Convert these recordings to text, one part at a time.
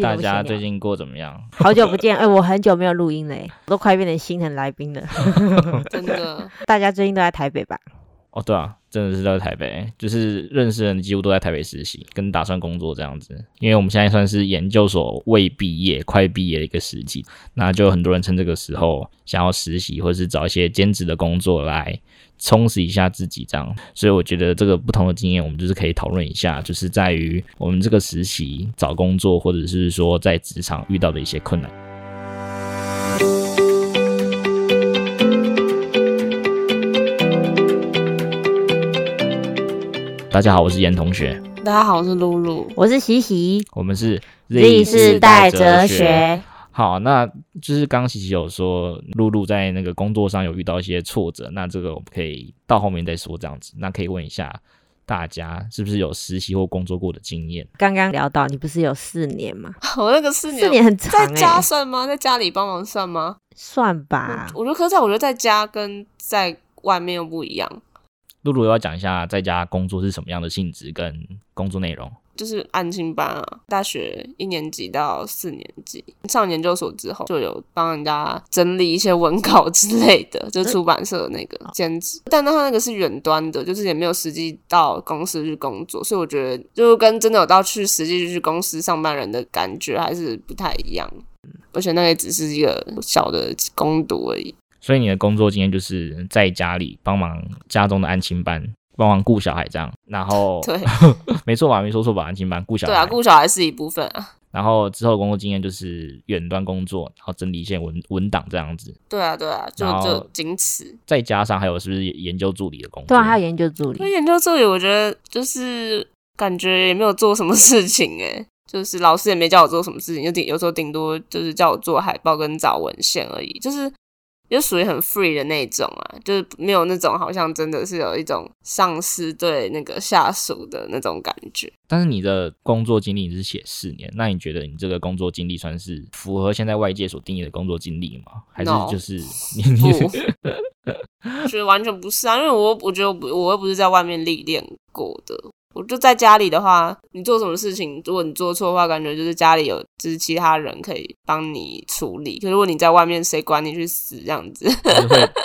大家最近過怎麼樣？好久不見，哎、 欸，我很久沒有錄音嘞，我都快變成新的來賓了， 真的。 大家最近都在台北吧？哦，對啊，真的是在台北，就是認識的人幾乎都在台北實習，跟打算工作這樣子。因為我們現在算是研究所未畢業、快畢業的一個時期，那就有很多人趁這個時候想要實習，或是找一些兼職的工作來。充實一下自己，這樣。所以我覺得這個不同的經驗，我們就是可以討論一下，就是在於我們這個實習、找工作，或者是說在職場遇到的一些困難。 大家好，我是顏同學。大家好，我是露露，我是習習。我們是歷史代哲學。好，那就是剛剛琪琪有說露露在那個工作上有遇到一些挫折，那這個我們可以到後面再說這樣子。那可以問一下大家，是不是有實習或工作過的經驗？剛剛聊到你不是有四年嗎？我、哦、那個四年，四年很長誒。在家算嗎？在家裡幫忙算嗎？算吧。我覺得科長，我覺得在家跟在外面又不一樣。露露要講一下在家工作是什麼樣的性質跟工作內容。就是安親班啊，大學一年級到四年級，上研究所之後就有幫人家整理一些文稿之類的，就是出版社的那個兼職、嗯。但那他那個是遠端的，就是也沒有實際到公司去工作，所以我覺得就跟真的有到去實際去公司上班人的感覺還是不太一樣。而且那也只是一個小的工讀而已。所以你的工作經驗就是在家裡幫忙家中的安親班。幫忙顧小孩這樣，然後對， 沒錯吧？沒說錯吧？安親班顧小孩，對啊，顧小孩是一部分啊。然後之後工作經驗就是遠端工作，然後整理一些文文檔這樣子。對啊，對啊，就就僅此。再加上還有是不是研究助理的工作？對啊，還有研究助理。那研究助理我覺得就是感覺也沒有做什麼事情誒、欸，就是老師也沒叫我做什麼事情，就頂有時候頂多就是叫我做海報跟找文獻而已，就是。就屬於很 free 的那種啊，就是沒有那種好像真的是有一種上司對那個下屬的那種感覺。但是你的工作經歷你是寫四年，那你覺得你這個工作經歷算是符合現在外界所定義的工作經歷嗎？還是就是？No. 你不， 我覺得完全不是啊，因為我我覺得不，我又不是在外面歷練過的。我就在家裡的話，你做什麼事情，如果你做錯的話，感覺就是家裡有就是其他人可以幫你處理。可是如果你在外面，誰管你去死這樣子？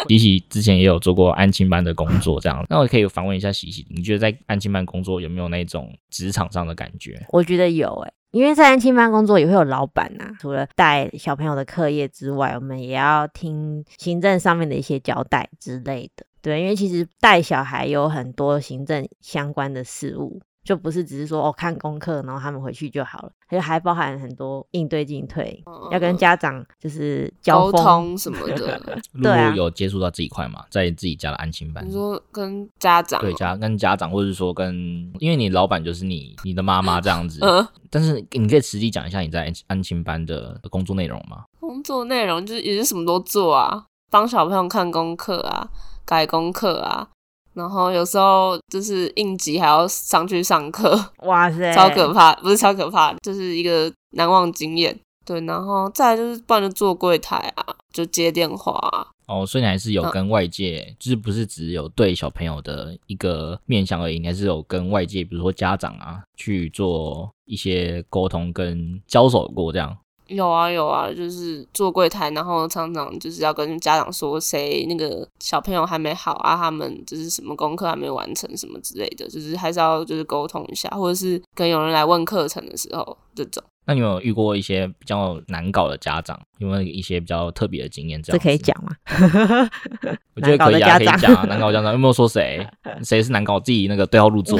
比 起之前也有做過安親班的工作這樣，那我可以訪問一下喜喜，你覺得在安親班工作有沒有那種職場上的感覺？我覺得有哎、欸，因為在安親班工作也會有老闆吶、啊，除了帶小朋友的課業之外，我們也要聽行政上面的一些交代之類的。對，因為其實帶小孩有很多行政相關的事務，就不是只是說哦，看功課，然後他們回去就好了，就還包含很多應對進退，嗯、要跟家長就是交溝通什麼的。 對、啊、如果有接觸到這一塊嗎？在自己家的安親班，你說跟家長對家跟家長，或者是說跟，因為你老闆就是你你的媽媽這樣子、 嗯。但是你可以實際講一下你在安安親班的工作內容嗎？工作內容就是也是什麼都做啊，幫小朋友看功課啊。改功課啊，然後有時候就是應急還要上去上課，哇塞，超可怕！不是超可怕，就是一個難忘經驗。對，然後再來就是幫着坐櫃檯啊，就接電話啊。哦，所以你還是有跟外界，啊，就是不是只有對小朋友的一個面向而已，你還是有跟外界，比如說家長啊，去做一些溝通跟交手過這樣。有啊有啊，就是坐櫃檯，然後常常就是要跟家長說誰那個小朋友還沒好啊，他們就是什麼功課還沒完成什麼之類的，就是還是要就是溝通一下，或者是跟有人來問課程的時候這種。那你有沒有遇過一些比較難搞的家長？有沒有一些比較特別的經驗？這樣可以講嗎？ 我覺得可以講、啊，可以講、啊。難搞的家長 有沒有說誰？誰是難搞？自己那個對號入座。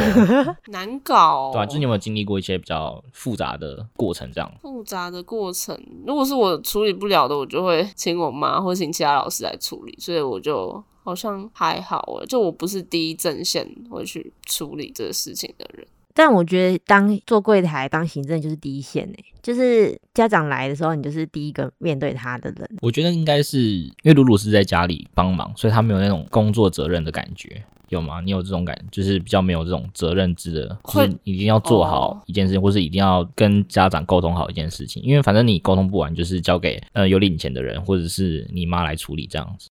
難搞。對啊，就是你有沒有經歷過一些比較複雜的過程？這樣複雜的過程，如果是我處理不了的，我就會請我媽或是請其他老師來處理。所以我就好像還好耶，就我不是第一陣線會去處理這個事情的人。但我覺得當做櫃台、當行政就是第一線誒，就是家長來的時候，你就是第一個面對他的人。我覺得應該是，因為魯魯是在家裡幫忙，所以他沒有那種工作責任的感覺，有嗎？你有這種感，就是比較沒有這種責任制的，就是一定要做好一件事情，或是一定要跟家長溝通好一件事情。因為反正你溝通不完，就是交給呃有領錢的人，或者是你媽來處理這樣子。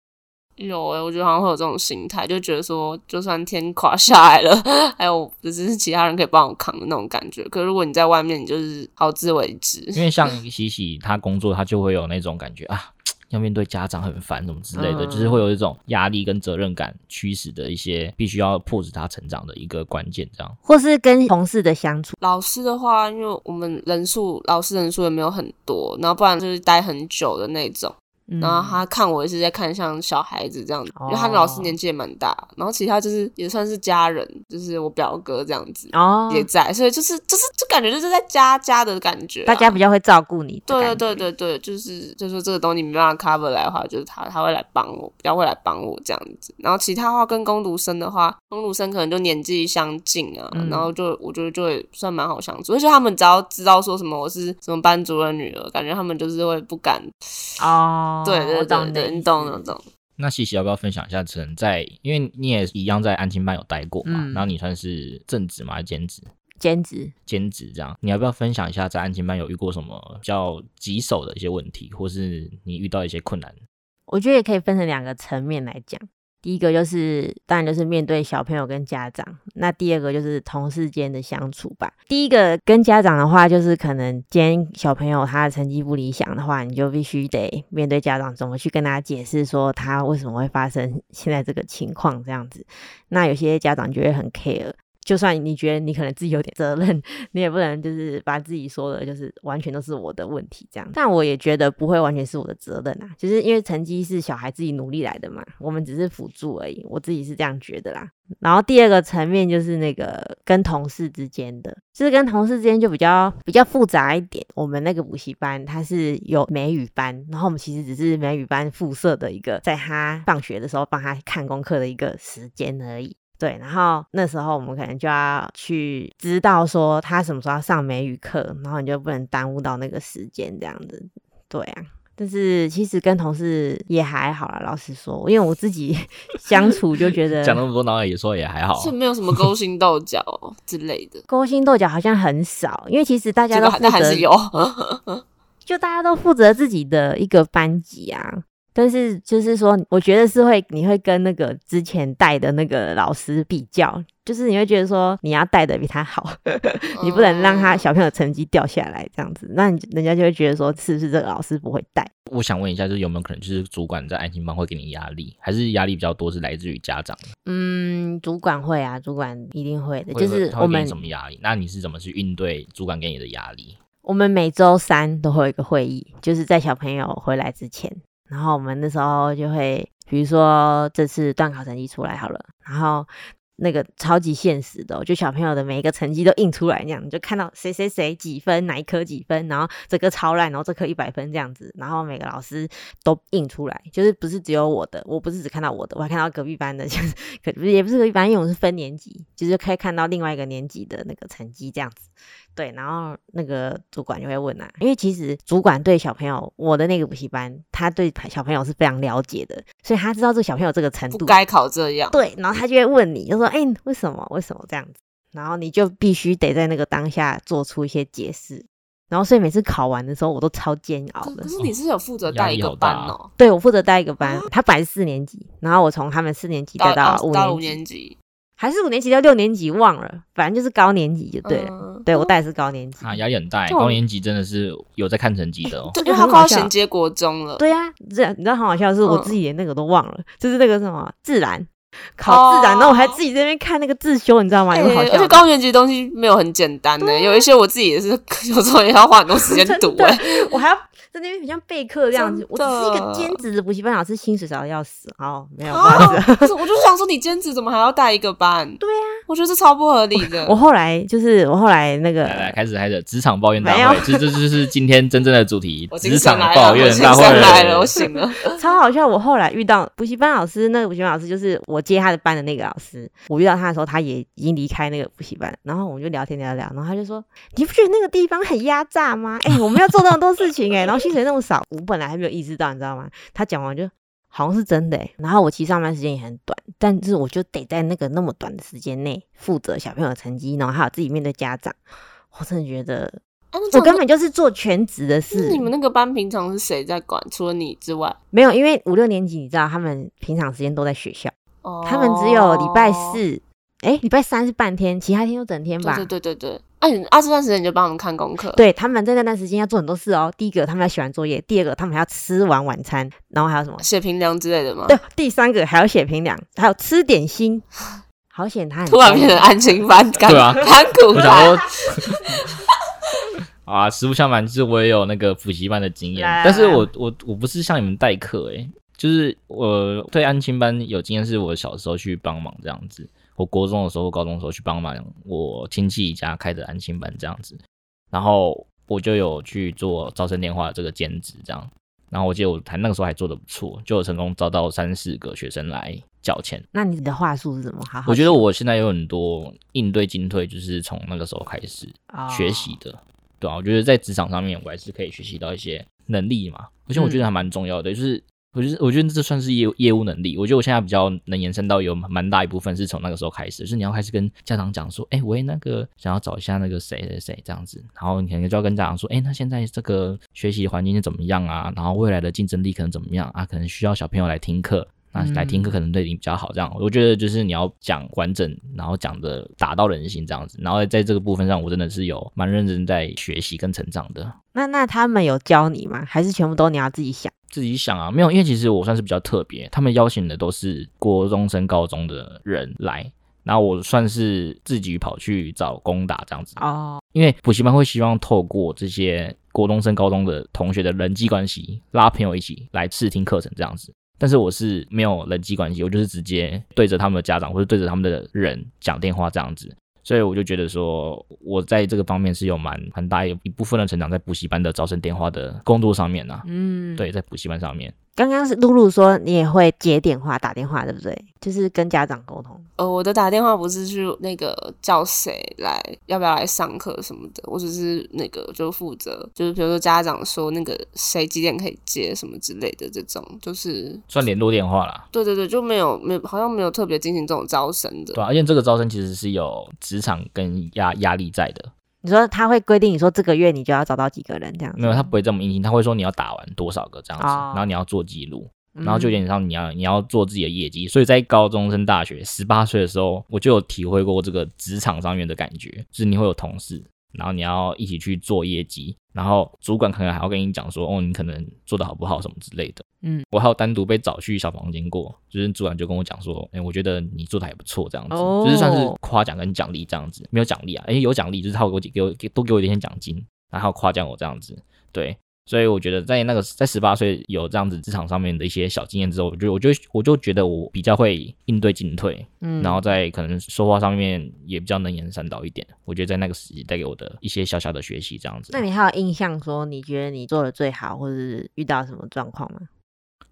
有哎、欸，我覺得好像會有這種心態，就覺得說，就算天垮下來了，還有只是其他人可以幫我扛的那種感覺。可是如果你在外面，你就是好自為之。因為像西西，他工作他就會有那種感覺 啊，要面對家長很煩，什麼之類的，嗯、就是會有一種壓力跟責任感驅使的一些必須要迫使他成長的一個關鍵，這樣。或是跟同事的相處，老師的話，因為我們人數老師人數也沒有很多，然後不然就是待很久的那種。然後他看我也是在看像小孩子這樣子，嗯、因為他們老師年紀也蠻大、哦。然後其他就是也算是家人，就是我表哥這樣子、哦、也在，所以就是就是就感覺就是在家家的感覺、啊。大家比較會照顧你對。對對對對對，就是就是說這個東西沒辦法 cover 來的話，就是他他會來幫我，比較會來幫我這樣子。然後其他話跟工讀生的話，工讀生可能就年紀相近啊，嗯、然後就我覺得就會算蠻好相處。而且他們只要知道說什麼我是什麼班主任女兒，感覺他們就是會不敢啊。哦對對對對，對，對，對，你懂那種。那西西要不要分享一下？可能在，因為你也一樣在安親班有待過嘛、嗯，然後你算是正職嗎，還是兼職？兼職兼職這樣，你要不要分享一下在安親班有遇過什麼比較棘手的一些問題，或是你遇到一些困難？我覺得也可以分成兩個層面來講。第一個就是，當然就是面對小朋友跟家長。那第二個就是同事間的相處吧。第一個跟家長的話，就是可能兼小朋友他的成績不理想的話，你就必須得面對家長，怎麼去跟他解釋說他為什麼會發生現在這個情況這樣子。那有些家長就會很 care。就算你覺得你可能自己有點責任，你也不能就是把自己說的，就是完全都是我的問題這樣。但我也覺得不會完全是我的責任啊，就是因為成績是小孩自己努力來的嘛，我們只是輔助而已。我自己是這樣覺得啦。然後第二個層面就是那個跟同事之間的，就是跟同事之間就比較比較複雜一點。我們那個補習班它是有美語班，然後我們其實只是美語班附設的一個，在他放學的時候幫他看功課的一個時間而已。對，然後那時候我們可能就要去知道說他什麼時候要上美語課，然後你就不能耽誤到那個時間這樣子。對啊，但是其實跟同事也還好啦，老實說，因為我自己 相處就覺得講那麼多，然後也說也還好，是沒有什麼勾心鬥角之類的。 勾心鬥角好像很少，因為其實大家都負責，這個、 就大家都負責自己的一個班級啊。但是就是說，我覺得是會，你會跟那個之前帶的那個老師比較，就是你會覺得說你要帶的比他好， 你不能讓他小朋友的成績掉下來這樣子，那人家就會覺得說是不是這個老師不會帶？我想問一下，就是有沒有可能就是主管在安親班會給你壓力，還是壓力比較多是來自於家長？嗯，主管會啊，主管一定會的。就是我們什麼壓力？那你是怎麼去應對主管給你的壓力？我們每週三都會有一個會議，就是在小朋友回來之前。然後我們那時候就會，比如說這次段考成績出來好了，然後，那個超級現實的哦，就小朋友的每一個成績都印出來，這樣你就看到誰誰誰幾分，哪一科幾分，然後這個超爛，然後這科一百分這樣子，然後每個老師都印出來，就是不是只有我的，我不是只看到我的，我還看到隔壁班的，就是，不是也不是隔壁班用，因為我是分年級，就是可以看到另外一個年級的那個成績這樣子。對，然後那個主管就會問啊，因為其實主管對小朋友，我的那個補習班，他對小朋友是非常了解的，所以他知道這個小朋友這個程度不該考這樣。對，然後他就會問你，就說。哎、欸，為什麼？為什麼這樣子？然後你就必須得在那個當下做出一些解釋。然後，所以每次考完的時候，我都超煎熬的。可是你是有負責帶一個班哦？哦對，我負責帶一個班、嗯。他本來是四年級，然後我從他們四年級帶到，到、啊、到五年級，還是五年級到六年級忘了，反正就是高年級就對了。嗯、對我帶的是高年級啊，壓力很大耶，高年級真的是有在看成績的哦，欸、就這就因為好好銜接國中了。對呀、啊，這你知道很好笑的是，我自己連那個都忘了、嗯，就是那個什麼自然。考自然，那、oh. 我還自己在那邊看那個自修，你知道嗎？因、欸、為高年級的東西沒有很簡單的、欸，有一些我自己也是有時候也要花很多時間讀、欸。哎 我還要在那邊很 像備課這樣子。我只是一個兼職的補習班老師，薪水少的要死。好、oh,，沒有。Oh. 是我就想說，你兼職怎麼還要帶一個班？對啊，我覺得這超不合理的。我，我後來就是我後來那個來來開始開始職場抱怨大會，這 這就是今天真正的主題。 職場抱怨大會，先先來，了大會了先先來了，我醒了， 超好笑。我後來遇到補習班老師，那個補習班老師就是我接他的班的那個老師，我遇到他的時候，他也已經離開那個補習班，然後我們就聊天聊聊，然後他就說：“你不覺得那個地方很壓榨嗎？”哎、欸，我們要做那麼多事情、欸，哎，然後薪水那麼少， 我本來還沒有意識到，你知道嗎？他講完就好像是真的、欸。然後我其實上班時間也很短，但是我就得在那個那麼短的時間內負責小朋友的成績，然後還有自己面對家長，我真的覺得，啊、我根本就是做全職的事。你們那個班平常是誰在管？除了你之外，沒有，因為五六年級你知道，他們平常時間都在學校。他們只有禮拜四，哎、oh. 欸，禮拜三是半天，其他天都整天吧。對對對對，對。哎、欸，啊，這段時間你就幫我們看功課。對，他們在那段，段時間要做很多事哦。第一個，他們要寫完作業，第二個，他們還要吃完晚餐，然後還有什麼寫評量之類的嗎？對，第三個還要寫評量，還有吃點心。好險他，他突然變成安親班干, 干。對啊，看苦啊，實 不相瞞，就是我也有那個補習班的經驗，來來來來，但是我我我不是像你們代課、欸，哎。就是我、呃、對安親班有經驗，是我小時候去幫忙這樣子。我國中的時候、高中的時候去幫忙，我親戚一家開的安親班這樣子，然後我就有去做招生電話的這個兼職這樣。然後我記得我那個時候還做得不錯，就有成功招到三四個學生來繳錢。那你的話術是怎麼好好？好，我覺得我現在有很多應對進退，就是從那個時候開始學習的。Oh. 對啊，我覺得在職場上面，我還是可以學習到一些能力嘛。而且我覺得還蠻重要的，嗯、就是。我覺得，我覺得這算是業業務能力。我覺得我現在比較能延伸到有蠻大一部分是從那個時候開始，就是你要開始跟家長講說，哎、欸，我那個想要找一下那個誰誰誰這樣子，然後你可能就要跟家長說，哎、欸，那現在這個學習環境是怎麼樣啊？然後未來的競爭力可能怎麼樣啊？可能需要小朋友來聽課，啊，來聽課可能對你比較好。這樣，我覺得就是你要講完整，然後講的打到人心這樣子。然後在這個部分上，我真的是有蠻認真在學習跟成長的。那那他們有教你嗎？還是全部都你要自己想？自己想啊，沒有，因為其實我算是比較特別，他們邀請的都是國中升高中的人來，然後我算是自己跑去找工打這樣子啊，oh. 因為補習班會希望透過這些國中升高中的同學的人際關係，拉朋友一起來試聽課程這樣子，但是我是沒有人際關係，我就是直接對着他們的家長或者對着他們的人講電話這樣子。所以我就覺得說，我在這個方面是有蠻很大一部分的成長在補習班的招生電話的工作上面吶、啊。嗯，對，在補習班上面。剛剛是露露說你也會接電話打電話對不對？就是跟家長溝通。呃、哦，我的打電話不是去那個叫誰來，要不要來上課什麼的，我只是那個就負責，就是比如說家長說那個誰幾點可以接什麼之類的這種，就是算聯絡電話啦。對對對，就沒有沒有好像沒有特別進行這種招生的。對、啊，而且這個招生其實是有職場跟壓壓力在的。你說他會規定，你說這個月你就要找到幾個人這樣子。沒有，他不會這麼硬性，他會說你要打完多少個這樣子，哦，然後你要做記錄，嗯，然後就有點像你要你要做自己的業績。所以在高中升大學，十八歲的時候，我就有體會過這個職場上面的感覺，就是你會有同事。然後你要一起去做業績，然後主管可能還要跟你講說，哦，你可能做的好不好什麼之類的。嗯，我還有單獨被找去小房間過，就是主管就跟我講說，哎、欸，我覺得你做的還不錯，這樣子、哦，就是算是誇獎跟獎勵這樣子，沒有獎勵啊，誒、欸、有獎勵，就是他給我給我給多給我一點獎金，然後誇獎我這樣子，對。所以我覺得，在那個在十八歲有這樣子職場上面的一些小經驗之後，我就我就我就覺得我比較會應對進退，嗯，然後在可能說話上面也比較能言善道一點。我覺得在那個時期帶給我的一些小小的學習，這樣子。那你還有印象說你覺得你做的最好，或是遇到什麼狀況嗎？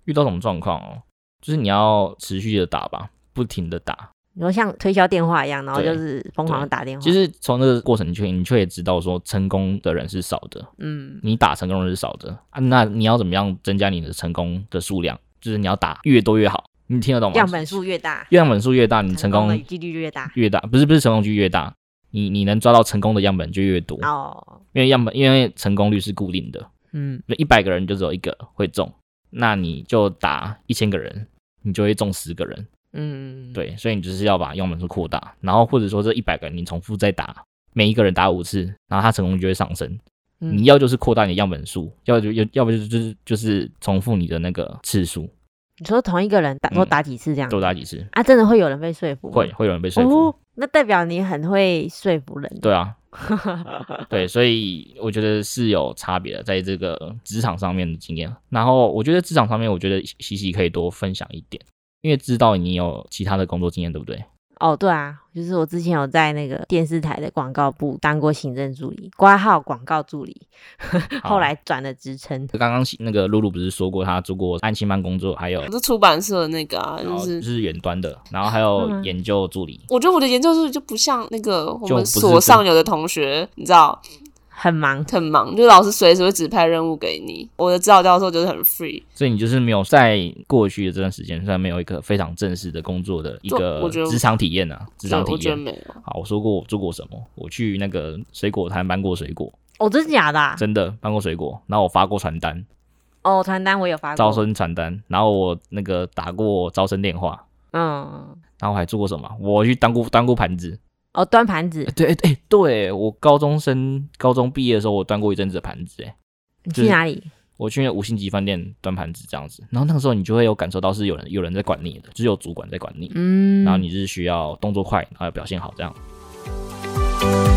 遇到什麼狀況哦？就是你要持續的打吧，不停的打。你說像推銷電話一樣，然後就是瘋狂的打電話。其實從那個過程你，你卻你卻也知道說成功的人是少的。嗯，你打成功的人是少的，啊，那你要怎麼樣增加你的成功的數量？就是你要打越多越好。你聽得懂嗎？樣本數越大，越樣本數越大，嗯，你成功幾率越大。越大不是不是成功幾率越大，你你能抓到成功的樣本就越多。哦，因為樣本因為成功率是固定的。嗯，一百個人就只有一個會中，那你就打一千個人，你就會中十個人。嗯，對，所以你只是要把樣本數擴大，然後或者說這一百個人你重複再打，每一個人打五次，然後他成功率就會上升。嗯、你要就是擴大你的樣本數，要就要，要不就是就是就是重複你的那個次數。你說同一個人打多打幾次這樣，多、嗯、打幾次。啊，真的會有人被說服，會會有人被說服、哦，那代表你很會說服人。對啊， 對，所以我覺得是有差別的，在這個職場上面的經驗。然後我覺得職場上面，我覺得西西可以多分享一點。因為知道你有其他的工作經驗，對不對？哦，對啊，就是我之前有在那個電視台的廣告部當過行政助理，掛號廣告助理，呵呵後來轉了職稱。剛剛那個露露不是說過，她做過安親班工作，還有我是出版社的那個、啊，就是就是遠端的，然後還有研究助理。嗯啊、我覺得我的研究助理就不像那個我們所上有的同學，你知道。很忙，很忙，就老師隨時會指派任務給你。我的指導教授就是很 free，所以你就是沒有在過去的這段時間，雖然沒有一個非常正式的工作的一個職場體驗啊。職場體驗。好，我說過我做過什麼？我去那個水果攤搬過水果。哦，真的假的啊？真的搬過水果。然後我發過傳單。哦，傳單我有發過。招生傳單。然後我那個打過招生電話。嗯。然後我還做過什麼？我去當過當過盤子。哦、oh，端盤子。對對對，對，我高中生高中畢業的時候，我端過一陣子的盤子。哎，你去哪裡？我去五星級飯店端盤子這樣子。然後那個時候，你就會有感受到是有人有人在管你的，就是有主管在管你。嗯。然後你是需要動作快，然後要表現好這樣、嗯。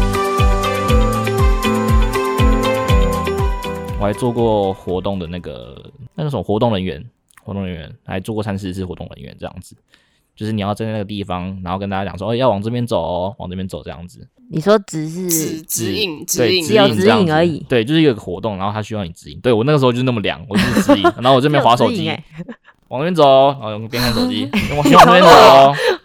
我還做過活動的那個那個什麼活動人員，活動人員還做過三四次活動人員這樣子。就是你要站在那個地方，然後跟大家講說：“哦，要往這邊走、哦、往這邊走這樣子。”你說只是指指引、指引、指引指引而已。對，就是有個活動，然後他需要你指引。對，我那個時候就是那麼涼，我就是指引，然後我這邊滑手機、 欸，往那邊走，然後邊看手機， 往那邊邊走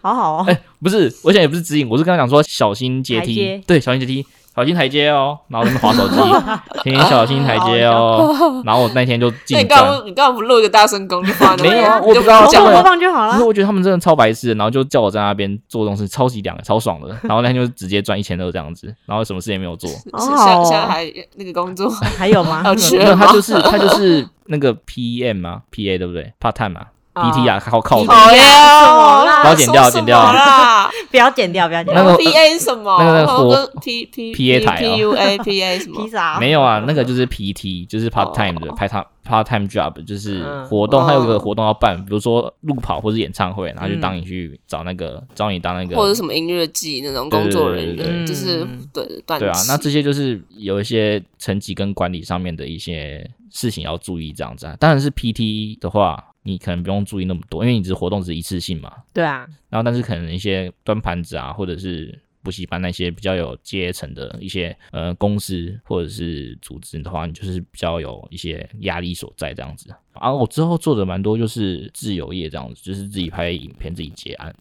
好，好，好好哦。哎、欸，不是，我想也不是指引，我是剛剛講說小心階梯，對，小心階梯。小心台階哦，然後他們滑手機。 天,天，小心台階哦。 然後我那天就進。去你剛剛你剛剛不錄一個大聲公就劃？ 沒有、啊，我剛剛做模仿就好了。因為我覺得他們真的超白痴，然後就叫我在那邊做東西，超級涼，超爽的。然後那天就直接賺一千二這樣子，然後什麼事也沒有做。好好哦，現在還那個工作還有嗎？沒 有，他就是他就是那個 P M 啊，P A 對不對？Part time 嘛、啊。PT 啊，oh, 靠靠譜！好、oh, yeah, 啦，不要剪掉，剪掉啦！不要剪掉，不要剪掉。那個 p A 什麼？呃、那個,那個 p, p, p, PA、喔、p, p P A 台啊？P U A P A 什麼？ 沒有啊，那個就是 PT，就是 part time 的 part、oh. part time job，就是活動，他、oh. 有一個活動要辦，比如說路跑或是演唱會，然後就當你去找那個，嗯、找你當那個或者什麼音樂季那種工作人員，對對對對就是對、嗯、對啊，那這些就是有一些層級跟管理上面的一些事情要注意，這樣子啊。當然是 PT 的話。你可能不用注意那麼多，因為你這活動只是一次性嘛。對啊。然後，但是可能一些端盤子啊，或者是補習班那些比較有階層的一些呃公司或者是組織的話，你就是比較有一些壓力所在這樣子。啊，我之後做的蠻多就是自由業這樣子，就是自己拍影片自己接案。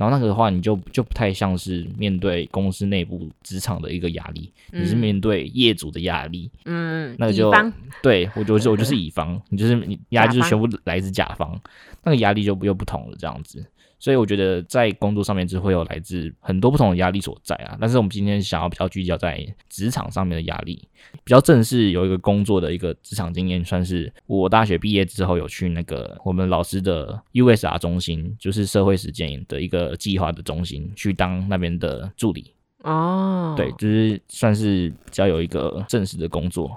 然後那個的話，你就就不太像是面對公司內部職場的一個壓力，你、嗯、是面對業主的壓力，嗯，那就乙方對我就,我就是我就是乙方呵呵，你就是你壓力就是全部來自甲方,甲方，那個壓力就又不同了這樣子。所以我覺得在工作上面就會有來自很多不同的壓力所在啊。但是我們今天想要比較聚焦在職場上面的壓力，比較正式有一個工作的一個職場經驗，算是我大學畢業之後有去那個我們老師的 USR 中心，就是社會實踐的一個。計劃的中心去當那邊的助理哦，oh. 對，就是算是只要有一個正式的工作，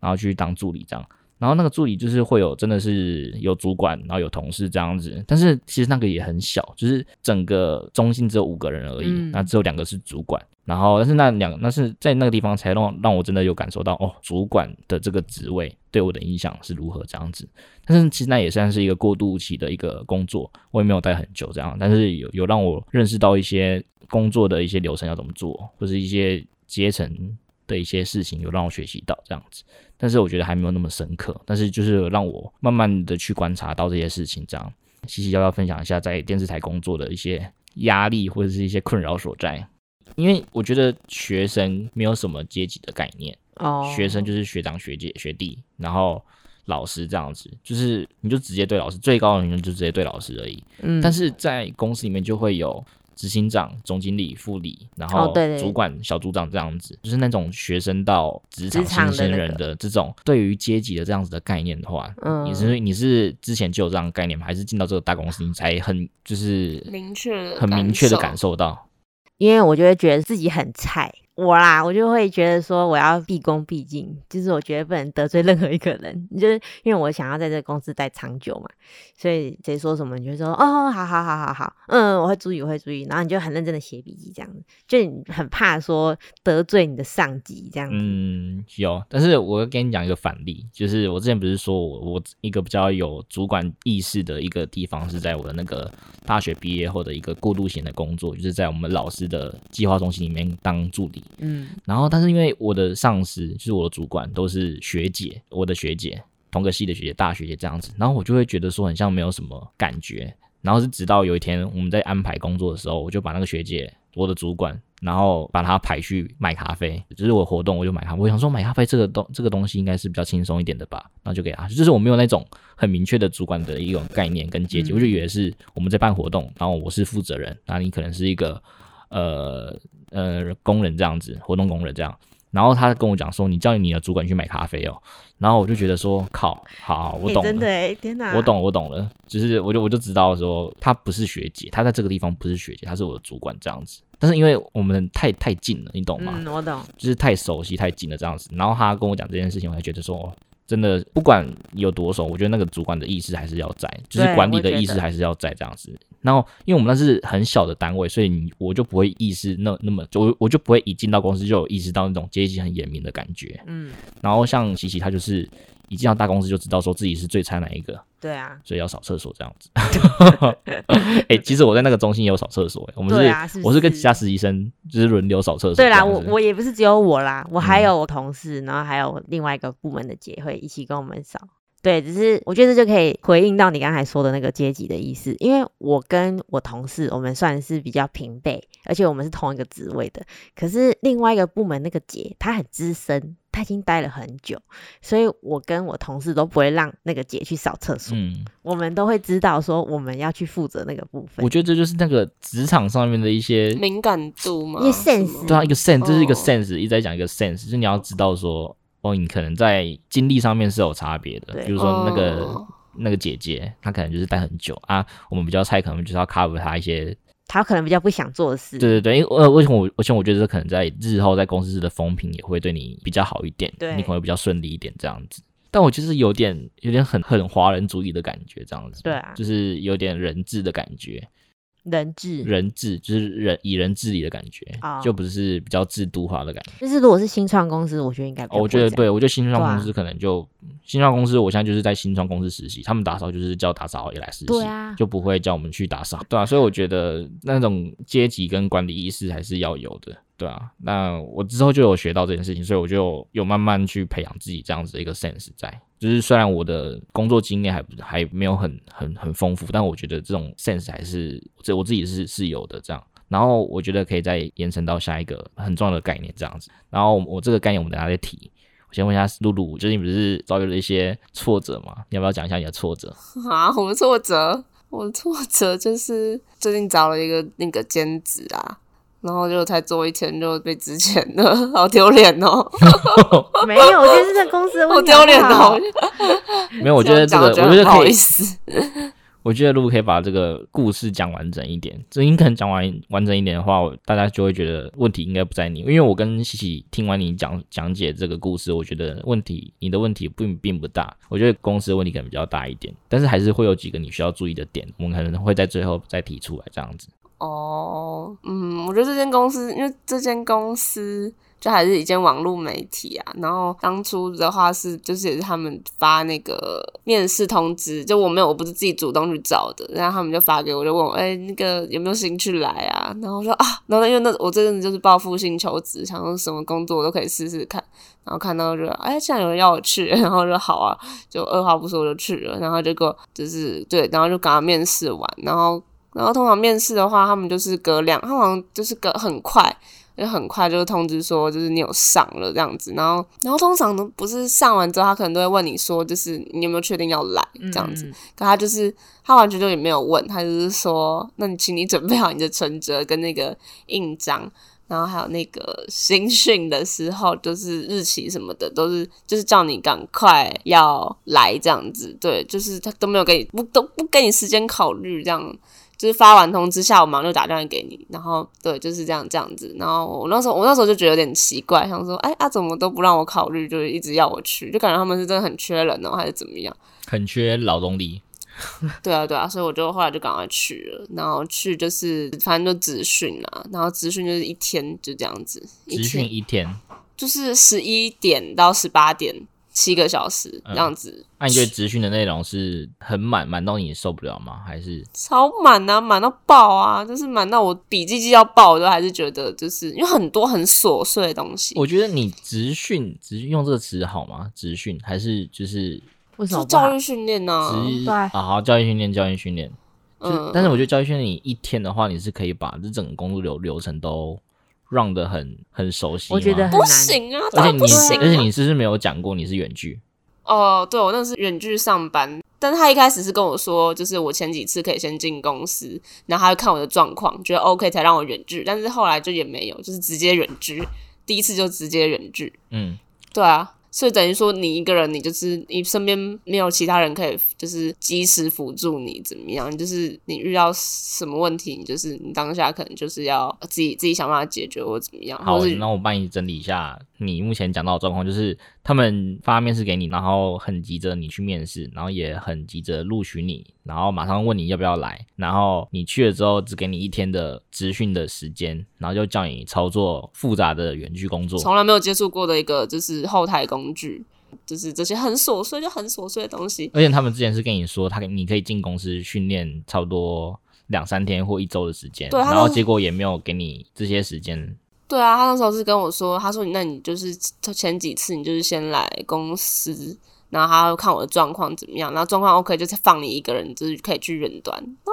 然後去當助理這樣。然後那個助理就是會有真的是有主管，然後有同事這樣子。但是其實那個也很小，就是整個中心只有五個人而已，那、嗯、只有兩個是主管。然後，但是那兩那是在那個地方才讓讓我真的有感受到哦，主管的這個職位對我的影響是如何這樣子。但是其實那也算是一個過渡期的一個工作，我也沒有待很久這樣。但是有有讓我認識到一些工作的一些流程要怎麼做，或者一些階層的一些事情有讓我學習到這樣子。但是我覺得還沒有那麼深刻，但是就是讓我慢慢的去觀察到這些事情這樣。西西要不要分享一下在電視台工作的一些壓力或者是一些困擾所在？因為我覺得學生沒有什麼階級的概念，哦、oh.，學生就是學長、學姐、學弟，然後老師這樣子，就是你就直接對老師，最高的人就直接對老師而已。嗯，但是在公司裡面就會有執行長、總經理、副理，然後主管、小組長這樣子、oh, 對對對，就是那種學生到職場新鮮人的這種的、那個、對於階級的這樣子的概念的話，嗯，你是你是之前就有這樣的概念嗎？還是進到這個大公司你才很就是明確很明確的感受到？因為我就會覺得自己很菜。我啦，我就會覺得說我要畢恭畢敬，就是我覺得不能得罪任何一個人，就是因為我想要在這個公司待長久嘛，所以誰說什麼你就說哦，好好好好好，嗯，我會注意，我會注意，然後你就很認真的寫筆記，這樣子，就你很怕說得罪你的上級這樣子，嗯，有，但是我跟你講一個反例，就是我之前不是說我我一個比較有主管意識的一個地方是在我的那個大學畢業後的一個過渡型的工作，就是在我們老師的計劃中心裡面當助理。嗯，然後但是因為我的上司就是我的主管都是學姐，我的學姐同個系的學姐、大學姐這樣子，然後我就會覺得說很像沒有什麼感覺。然後是直到有一天我們在安排工作的時候，我就把那個學姐，我的主管，然後把她排去買咖啡，就是我活動我就買咖啡。我想說買咖啡這個、這個、東這個東西應該是比較輕鬆一點的吧。然後就給她，就是我沒有那種很明確的主管的一種概念跟階級。嗯、我就以為是我們在辦活動，然後我是負責人，那你可能是一個呃。呃，工人這樣子，活動工人這樣，然後他跟我講說，你叫你的主管去買咖啡哦、喔，然後我就覺得說，靠，好，我懂、欸，真的、欸、天哪，我懂，我懂了，就是我就我就知道說，他不是學姐，他在這個地方不是學姐，他是我的主管這樣子，但是因為我們太太近了，你懂嗎？嗯，我懂，就是太熟悉太近了這樣子，然後他跟我講這件事情，我才覺得說，真的不管有多熟，我覺得那個主管的意識還是要在，就是管理的意識還是要在這樣子。然後，因為我們那是很小的單位，所以你我就不會意識那那麼，我我就不會一進到公司就有意識到那種階級很嚴明的感覺。嗯，然後像琪琪，她就是一進到大公司就知道說自己是最差哪一個。對、嗯、啊，所以要掃廁所這樣子。哎、啊 欸，其實我在那個中心也有掃廁所、欸。我們是、啊、是、是，我是跟其他實習生就是輪流掃廁所。對啦、啊，我我也不是只有我啦，我還有我同事、嗯，然後還有另外一個部門的姐會一起跟我們掃。對，只是我覺得這就可以回應到你剛才說的那個階級的意思。因為我跟我同事，我們算是比較平輩，而且我們是同一個職位的。可是另外一個部門那個姐，她很資深，她已經待了很久，所以我跟我同事都不會讓那個姐去掃廁所。嗯，我們都會知道說我們要去負責那個部分。我覺得這就是那個職場上面的一些敏感度嘛，sense。對啊，一個 sense，這是一個 sense，哦，一直在講一個 sense，就是你要知道說。哦，你可能在經歷上面是有差別的，比如說那個、oh. 那個姐姐，她可能就是待很久啊。我們比較菜，可能就是要 cover 她一些她可能比較不想做的事。對對對，因為為什麼我，而且我，我覺得這可能在日後在公司的風評也會對你比較好一點，對你可能會比較順利一點這樣子。但我就是有點有點很很華人主義的感覺這樣子，對啊，就是有點人治的感覺。人治，人治就是人以人治理的感覺，oh. 就不是比較制度化的感覺。就是如果是新創公司，我覺得應該。Oh, 我覺得對，我覺得新創公司可能就、啊、新創公司，我現在就是在新創公司實習，他們打掃就是叫打掃也來實習，對啊，就不會叫我們去打掃，對啊。所以我覺得那種階級跟管理意識還是要有的，對啊。那我之後就有學到這件事情，所以我就有慢慢去培養自己這樣子的一個 sense 在。就是雖然我的工作經驗還還沒有很很很豐富，但我覺得這種 sense 還是這我自己是自己是，是有的這樣。然後我覺得可以再延伸到下一個很重要的概念這樣子。然後我，我這個概念我們等下再提。我先問一下露露，就是你不是遭遇了一些挫折嗎？你要不要講一下你的挫折？啊，我的挫折，我的挫折就是最近找了一個那個兼職啊。然後就才做一天就被資遣了，好丟臉哦！ 沒有，我覺得是這公司的問題。我丟臉哦！ 臉喔、 沒有，我覺得這個這我覺得可以。可以 我覺得如果可以把這個故事講完整一點，這應該能講完完整一點的話，大家就會覺得問題應該不在你。因為我跟西西聽完你講講解這個故事，我覺得問題你的問題並並不大。我覺得公司的問題可能比較大一點，但是還是會有幾個你需要注意的點，我們可能會在最後再提出來這樣子。哦，嗯，我覺得這間公司，因為這間公司就還是一間網絡媒體啊，然後當初的話是，就是也是他們發那個面試通知，就我沒有，我不是自己主動去找的。然後他們就發給我，就問我，哎，那個有沒有興趣來啊？然後說啊，然後因為那我這陣子就是報復性求職，想說什麼工作我都可以試試看。然後看到就，哎，既然有人要我去，然後就好啊，就二話不說我就去了。然後結果就是對，然後就剛剛面試完，然後。然後通常面試的話，他們就是隔兩，他好像就是隔很快，就很快就通知說，就是你有上了這樣子。然後，然後通常都不是上完之後，他可能都會問你說，就是你有沒有確定要來這樣子？可他就是他完全就也沒有問，他就是說，那你請你準備好你的存折跟那個印章，然後還有那個新訓的時候，就是日期什麼的都是，就是叫你趕快要來這樣子。對，就是他都沒有給你不都不給你時間考慮這樣。就是發完通知下，下午馬上就打電話給你，然後對，就是這樣這樣子。然後我那時候我那時候就覺得有點奇怪，想說，哎、欸、啊，怎麼都不讓我考慮，就一直要我去，就感覺他們是真的很缺人呢、哦，還是怎麼樣？很缺勞動力。 對啊，對啊，所以我就後來就趕快去了。然後去就是反正就值訓啦，然後值訓就是一天就這樣子。值訓一天，就是十一點到十八點，七個小時這樣子，那、嗯啊、你覺得集訓的內容是很滿，滿到你受不了嗎？還是超滿啊，滿到爆啊！就是滿到我筆記記要爆，我都還是覺得就是因為很多很瑣碎的東西。我覺得你集訓集訓用這個詞好嗎？集訓還是就是為什麼是教育訓練呢？對、啊、好好教育訓練，教育訓練。嗯，但是我覺得教育訓練，你一天的話，你是可以把這整個工作流流程都。run 的很很熟悉，我很，我覺得不行啊，而且你，而且你是不是沒有講過你是遠距？哦、呃，對，我那是遠距上班。但是他一開始是跟我說，就是我前幾次可以先進公司，然後他看我的狀況，覺得 OK 才讓我遠距。但是後來就也沒有，就是直接遠距，第一次就直接遠距。嗯，對啊。所以等於說，你一個人，你就是你身邊沒有其他人可以，就是及時輔助你怎麼樣？就是你遇到什麼問題，你就是你當下可能就是要自己自己想辦法解決或怎麼樣。好，那我幫你整理一下你目前講到的狀況，就是他們發面試給你，然後很急着你去面試，然後也很急着錄取你。然後馬上問你要不要來，然後你去了之後只給你一天的集訓的時間，然後就叫你操作複雜的遠距工作，從來沒有接觸過的一個就是後台工具，就是這些很瑣碎就很瑣碎的東西。而且他們之前是跟你說他你可以進公司訓練差不多兩三天或一週的時間，然後結果也沒有給你這些時間。對啊，他那時候是跟我說，他說那你就是前幾次你就是先來公司。然後他要看我的狀況怎麼樣，然後狀況 OK，就是放你一個人，就是可以去遠端。然後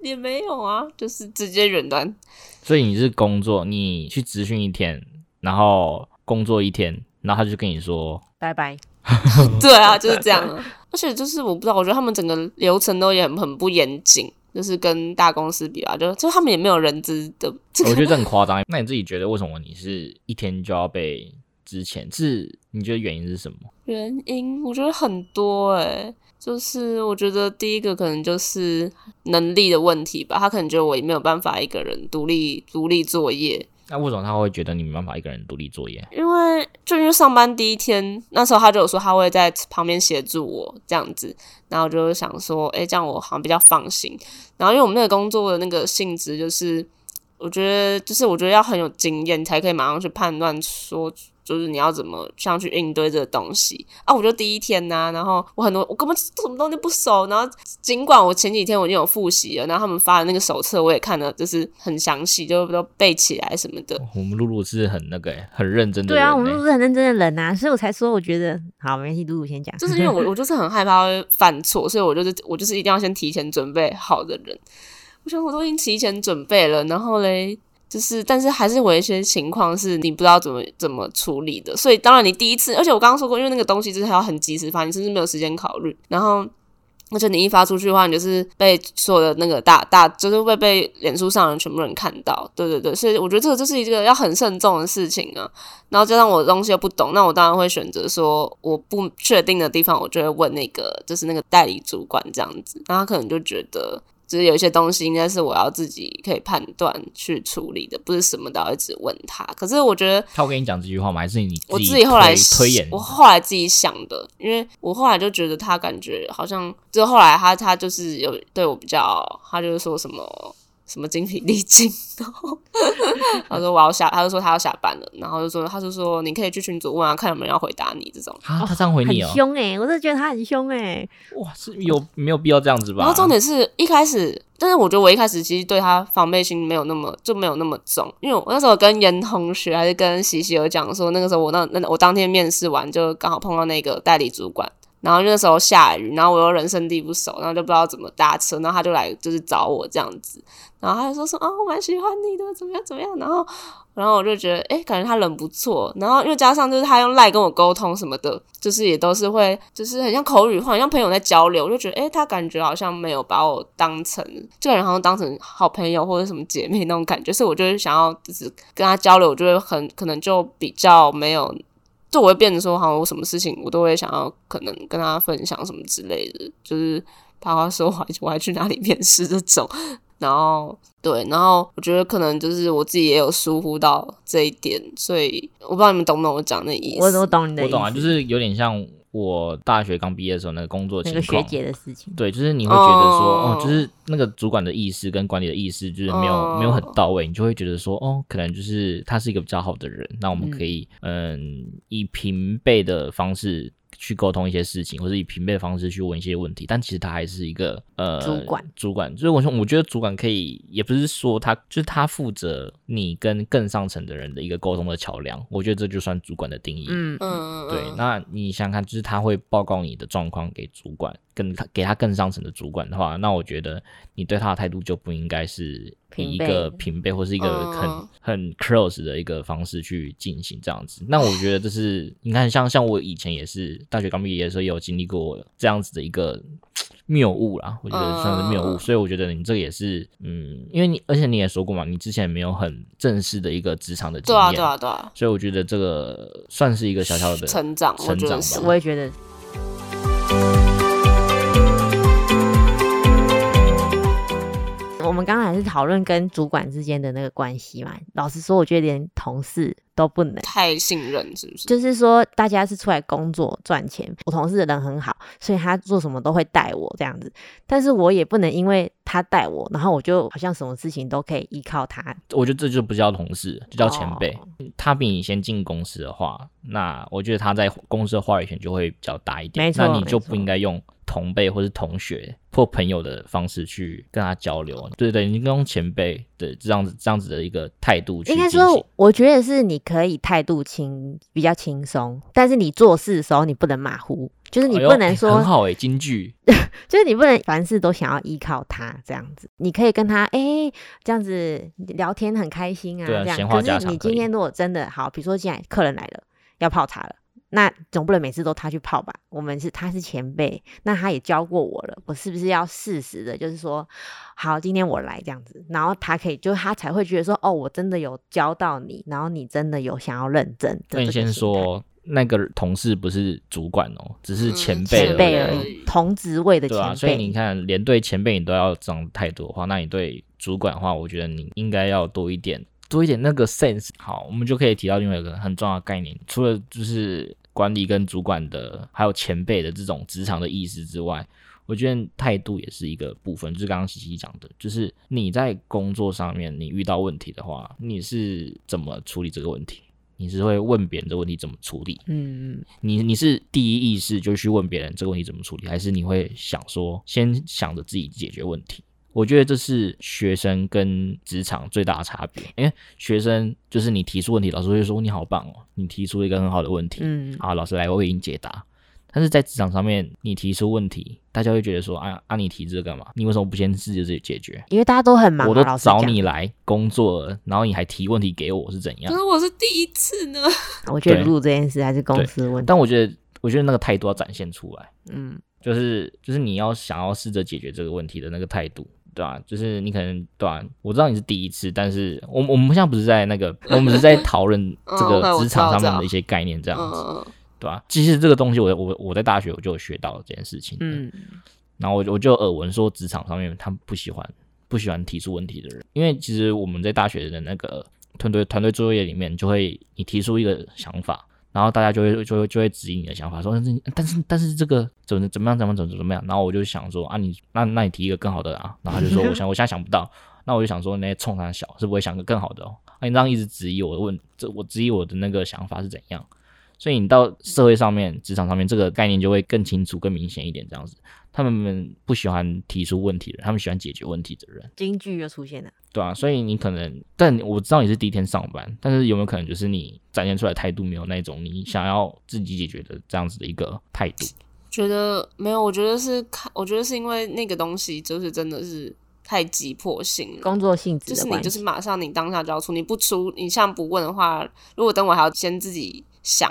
也沒有啊，就是直接遠端。所以你是工作，你去諮詢一天，然後工作一天，然後他就跟你說拜拜。 對啊，就是這樣。 而且就是我不知道，我覺得他們整個流程都也很，很不嚴謹，就是跟大公司比吧，就就他們也沒有人資的。我覺得這很誇張。 那你自己覺得為什麼你是一天就要被？之前是你覺得原因是什麼？原因我覺得很多欸，就是我覺得第一個可能就是能力的問題吧。他可能覺得我沒有辦法一個人獨立獨立作業。那為什麼他會覺得你沒辦法一個人獨立作業？因為就因為上班第一天那時候他就有說他會在旁邊協助我這樣子，然後我就想說，欸，這樣我好像比較放心。然後因為我們那個工作的那個性質就是，我覺得就是我覺得要很有經驗才可以馬上去判斷說。就是你要怎麼上去應對這個東西啊？我就第一天吶、啊，然後我很多我根本什麼東西不熟，然後儘管我前幾天我就有複習了，然後他們發的那個手冊我也看了，就是很詳細，就都背起來什麼的。哦、我們露露是很那個，很認真的。對啊，我們露露是很認真的人啊，所以我才說我覺得好，我們先聽露露先講。就是因為我我就是很害怕犯錯，所以我就是我就是一定要先提前準備好的人。我想我都已經提前準備了，然後嘞。就是，但是還是有一些情況是你不知道怎麼怎麼處理的，所以當然你第一次，而且我剛剛說過，因為那個東西就是還要很及時發，你甚至沒有時間考慮。然後，而且你一發出去的話，你就是被所有的那個大大，就是會被，被臉書上人全部人看到。對對對，所以我覺得這個就是一個要很慎重的事情啊。然後，加上我的東西又不懂，那我當然會選擇說，我不確定的地方，我就會問那個，就是那個代理主管這樣子，然後他可能就覺得。只、就是有些東西應該是我要自己可以判斷去處理的，不是什麼都要一直問他。可是我覺得，他，我跟你講這句話嗎？還是你我自己後來推演，我後來自己想的，因為我後來就覺得他感覺好像，就後來他他就是有對我比較，他就是說什麼。什麼精疲力盡？然後他說我要下，他就說他要下班了，然後就說他就說，你可以去群組問啊，看有沒有人要回答你這種。啊，他這樣回你，哦，很凶誒，欸，我真的覺得他很凶誒，欸，哇，是有沒有必要這樣子吧？嗯，然後重點是一開始，但是我覺得我一開始其實對他防備心沒有那麼就沒有那麼重，因為我那時候跟嚴同學還是跟西西有講說，那個時候我那那我當天面試完就剛好碰到那個代理主管。然後那時候下雨，然後我又人生地不熟，然後就不知道怎麼搭車，然後他就來就是找我這樣子，然後他就說說啊、哦，我蠻喜歡你的，怎麼樣怎麼樣，然後然後我就覺得，哎，感覺他人不錯，然後又加上就是他用 LINE 跟我溝通什麼的，就是也都是會，就是很像口語化，很像朋友在交流，我就覺得哎，他感覺好像沒有把我當成這個人，好像當成好朋友或者什麼姐妹那種感覺，所以我就想要就是跟他交流，我就會很可能就比較沒有。就我會變得說，好像我什麼事情我都會想要可能跟他分享什麼之類的，就是怕他說我還我還去哪裡面試這種。然後對，然後我覺得可能就是我自己也有疏忽到這一點，所以我不知道你們懂不懂我講的意思。我都懂你的意思，我懂啊，就是有點像。我大學剛畢業的時候，那個工作情況，那個、學姐的事情，對，就是你會覺得說，oh. 哦，就是那個主管的意識跟管理的意識，就是沒有、oh. 沒有很到位，你就會覺得說，哦，可能就是他是一個比較好的人，那我們可以，嗯，嗯，以平輩的方式。去溝通一些事情，或者以平輩的方式去問一些問題，但其實他還是一個呃，主管，主管。所以我說，我覺得主管可以，也不是說他，就是他負責你跟更上層的人的一個溝通的橋樑。我覺得這就算主管的定義。嗯嗯、呃、對，那你想想看，就是他會報告你的狀況給主管，跟他給他更上層的主管的話，那我覺得你對他的態度就不應該是。以一個平輩、呃、或是一個很很 close 的一個方式去進行這樣子、呃，那我覺得這是你看像像我以前也是大學剛畢業的時候也有經歷過這樣子的一個謬誤啦，我覺得算是謬誤、呃，所以我覺得你這個也是嗯，因為你而且你也說過嘛，你之前也沒有很正式的一個職場的經驗。對啊，對啊，對啊，對啊，所以我覺得這個算是一個小小的成長，成長，我覺得我也覺得。我們剛才還是討論跟主管之間的那個關係嘛。老實說，我覺得連同事都不能太信任，是不是？就是說，大家是出來工作賺錢。我同事的人很好，所以他做什麼都會帶我這樣子。但是我也不能因為他帶我，然後我就好像什麼事情都可以依靠他。我覺得這就不叫同事，就叫前輩。哦、他比你先進公司的話，那我覺得他在公司的話語權就會比較大一點。沒錯、哦，那你就不應該用。同輩或是同學或朋友的方式去跟他交流，對對，對，你跟前輩對這樣子這樣子的一個態度應該說，我覺得是你可以態度輕比較輕鬆，但是你做事的時候你不能馬虎，就是你不能說、哎、很好哎、欸，金句。 就是你不能凡事都想要依靠他這樣子。你可以跟他哎、欸、這樣子聊天很開心啊，啊這樣閒話家常可以。可是你今天如果真的好，比如說現在客人來了，要泡茶了。那總不能每次都他去泡吧？我們是他是前輩，那他也教過我了，我是不是要適時的，就是說好，今天我來這樣子，然後他可以，就他才會覺得說，哦，我真的有教到你，然後你真的有想要認真。那你先說，那個同事不是主管哦、喔，只是前輩、嗯，前輩而已，同職位的前輩、啊。所以你看，連對前輩你都要這種態度的話，那你對主管的話，我覺得你應該要多一點，多一點那個 sense。好，我們就可以提到另外一個很重要的概念，除了就是。管理跟主管的，還有前輩的這種職場的意識之外，我覺得態度也是一個部分。就是剛剛西西講的，就是你在工作上面，你遇到問題的話，你是怎麼處理這個問題？你是會問別人這個問題怎麼處理？嗯嗯，你你是第一意識就去問別人這個問題怎麼處理，還是你會想說先想着自己解決問題？我覺得這是學生跟職場最大的差別。因為學生就是你提出問題，老師會說你好棒哦，喔，你提出了一個很好的問題。嗯，好，老師來我給你解答。但是在職場上面，你提出問題，大家會覺得說啊，啊你提這個幹嘛？你為什麼不先試着自己解決？因為大家都很忙，我都找你來工作了，然後你還提問題給我，是怎樣？可是我是第一次呢。我覺得錄這件事還是公司問題。但我覺得，我覺得那個態度要展現出來。嗯，就是就是你要想要試着解決這個問題的那個態度。對啊，就是你可能對啊，我知道你是第一次，但是我們我們現在不是在那個， 我們是在討論這個職場上面的一些概念，這樣子， 哦、樣對啊，其實這個東西我，我我我在大學我就有學到這件事情，嗯，然後我我就耳聞說職場上面他們不喜歡不喜歡提出問題的人，因為其實我們在大學的那個團隊團隊作業裡面，就會你提出一個想法。然後大家就會就會就會質疑你的想法，說但是但是但是這個怎麼怎麼樣怎麼怎麼怎麼樣？然後我就想說啊你，你那那你提一個更好的啊，然後他就說我想我現在想不到，那我就想說那些衝上小是不會想個更好的，哦，那你這樣一直質疑我的問這我質疑我的那個想法是怎樣？所以你到社會上面，職場上面，這個概念就會更清楚，更明顯一點。這樣子，他們不喜歡提出問題的人，他們喜歡解決問題的人。金句又出現了，對啊。所以你可能，但我知道你是第一天上班，但是有沒有可能就是你展現出來的態度沒有那種你想要自己解決的這樣子的一個態度，嗯？覺得沒有，我覺得是看，我覺得是因為那個東西就是真的是太急迫性了，工作性質的就是你就是馬上你當下就要出，你不出你像不問的話，如果等會還要先自己想。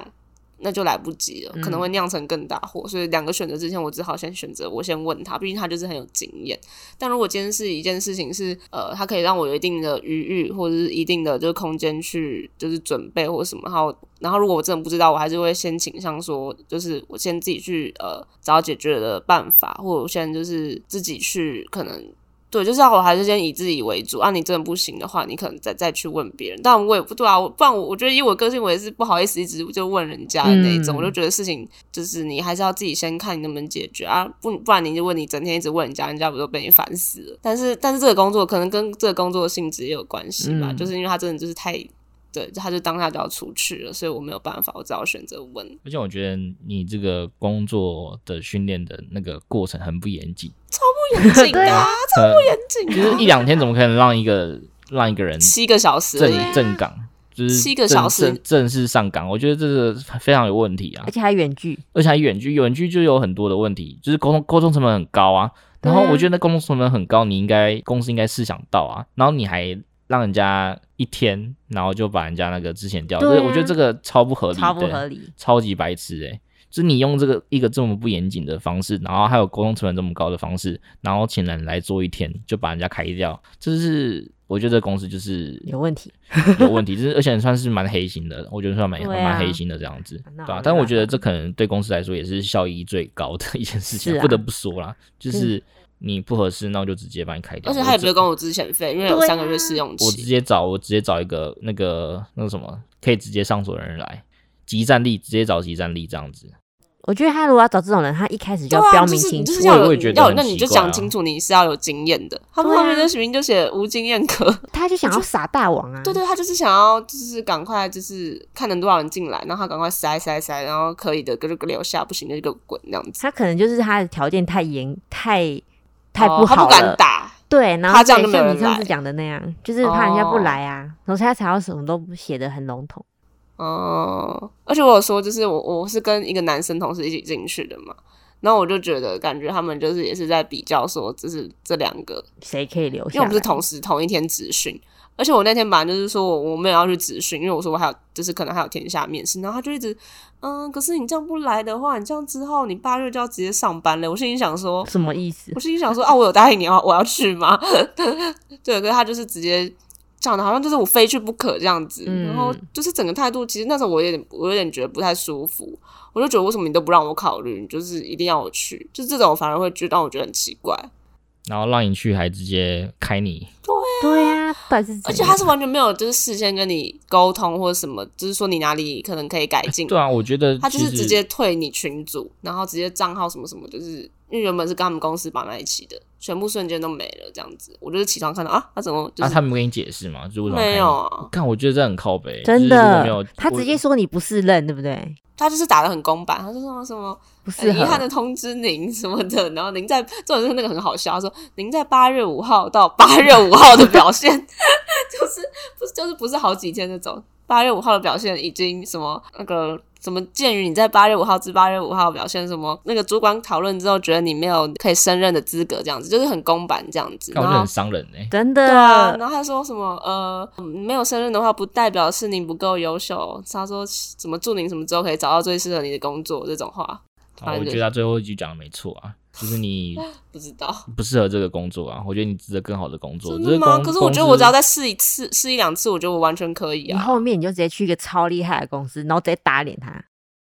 那就來不及了，可能會釀成更大禍，嗯。所以兩個選擇之前，我只好先選擇我先問他，畢竟他就是很有經驗。但如果今天是一件事情是呃，他可以讓我有一定的餘裕，或者是一定的就是空間去就是準備或者什麼。然後然後如果我真的不知道，我還是會先傾向說，就是我先自己去呃找解決的辦法，或者我先就是自己去可能。對，就是要我還是先以自己為主啊。你真的不行的話，你可能再再去問別人。但我也不對啊，我不然我我覺得以我個性，我也是不好意思一直就問人家的那一種、嗯。我就覺得事情就是你還是要自己先看你能不能解決啊。不不然你就問你整天一直問人家，人家不都被你煩死了。但是但是這個工作可能跟這個工作的性質也有關係吧，嗯、就是因為他真的就是太。對，他就當下就要出去了，所以我沒有辦法，我只好選擇問。而且我覺得你這個工作的訓練的那個過程很不嚴謹、 啊 啊，超不嚴謹的、啊，超不嚴謹就是一兩天怎麼可能讓一個 讓一個人七個小時正正崗，就是七個小時正式上崗？我覺得這個非常有問題啊，而且還遠距，而且還遠距，遠距就有很多的問題，就是溝通溝通成本很高啊。啊然後我覺得那溝通成本很高，你應該公司應該試想到啊。然後你還讓人家。一天，然後就把人家那個之前掉對。啊。對，我覺得這個超不合理，超不合理，超級白痴哎、欸！就是你用這個一個這麼不嚴謹的方式，然後還有溝通成本這麼高的方式，然後請人來，來做一天就把人家開掉，這是我覺得這公司就是有問題，有問題，是 而且算是蠻黑心的，我覺得算蠻蠻、啊、黑心的這樣子，對吧、啊啊？但我覺得這可能對公司來說也是效益最高的一件事情，啊、不得不說啦，就是。嗯你不合適，那我就直接把你開掉。而且他也不會跟我資遣費。因為有三個月試用期、啊，我直接找，我直接找一個那個那個什麼，可以直接上手的人來，即戰力，直接找即戰力這樣子。我覺得他如果要找這種人，他一開始就要標明清楚、啊，就是，就是要有、啊，那你就講清楚你是要有經驗的。他們後面那視頻就寫無經驗可、啊，他就想要撒大網啊。 對，對對，他就是想要就是趕快就是看能多少人進來，然後他趕快塞塞塞，塞塞，然後可以的就留下，不行的就滾那樣子。他可能就是他的條件太嚴太。太不好、哦、他不敢打，對，然後也是你上次講的那樣，就是怕人家不來啊，然、哦、以他才要什麼都寫的很籠統。哦，而且我說，就是我我是跟一個男生同時一起進去的嘛，然後我就覺得感覺他們就是也是在比較，說就是這兩個誰可以留下，因為我們不是同時同一天直訓。而且我那天本來就是說，我我沒有要去諮詢，因為我說我還有，就是可能還有天下面試。然後他就一直，嗯，可是你這樣不來的話，你這樣之後，你八月就要直接上班了。我心裡想說，什麼意思？我心裡想說， 啊，我有答應你，我要去嗎？對 對，可是他就是直接講的，好像就是我非去不可這樣子、嗯。然後就是整個態度，其實那時候我有點，我有點覺得不太舒服。我就覺得為什麼你都不讓我考慮，你就是一定要我去？就這種反而會讓我覺得很奇怪。然後讓你去還直接開你。對、啊、對呀、啊。而且他是完全沒有，就是事先跟你溝通或者什麼，就是說你哪裡可能可以改進。對啊，我覺得他就是直接退你群組，然後直接賬號什麼什麼，就是因為原本是跟他們公司綁在一起的。全部瞬間都沒了，這樣子，我就是起床看到啊，他怎麼、就是？那、啊、他沒給你解釋嗎是麼？沒有。看，我覺得這樣很靠北，真的。他直接說你不是人，對不對？他就是打得很公版，他就說什麼什麼，不是遺、欸、憾的通知您什麼的，然後您在，重點是那個很好笑，他說您在八月五號到八月五號的表現， 就是不是就是不是好幾天那種，八月五號的表現已經什麼那個。什麼？鑑於你在八月五號至八月五號表現什麼，那個主管討論之後覺得你沒有可以升任的資格，這樣子，就是很公版這樣子。欸、然後很傷人哎，真的。對啊，然後他說什麼呃，沒有升任的話不代表是你不夠優秀，他說什麼祝您什麼之後可以找到最適合你的工作這種話。好，我覺得他最後一句講的沒錯啊，就是你不知道不適合這個工作啊。我覺得你值得更好的工作。是嗎，這個？可是我覺得我只要再試一次，試一兩次，我覺得我完全可以啊。你後面你就直接去一個超厲害的公司，然後再打臉他。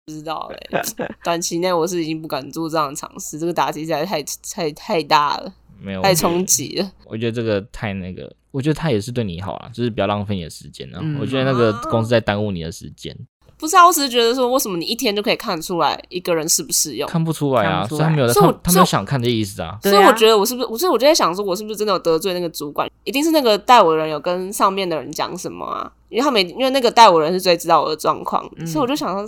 不知道嘞、欸， 短期內我是已經不敢做這樣嘗試，這個打擊實在太太太大了，沒有太衝擊了。我覺得這個太那個，我覺得他也是對你好啊，就是不要浪費你的時間了、啊嗯。我覺得那個公司在耽誤你的時間。不是啊，我只是覺得說，為什麼你一天就可以看出來一個人適不適用？看不出來啊。來啊，所以他沒有，所以有他沒有想看的意思啊。所以我覺得我是不是，所以我就在想說，我是不是真的有得罪那個主管？啊、一定是那個帶我的人有跟上面的人講什麼啊？因為他每，因為那個帶我的人是最知道我的狀況、嗯，所以我就想說，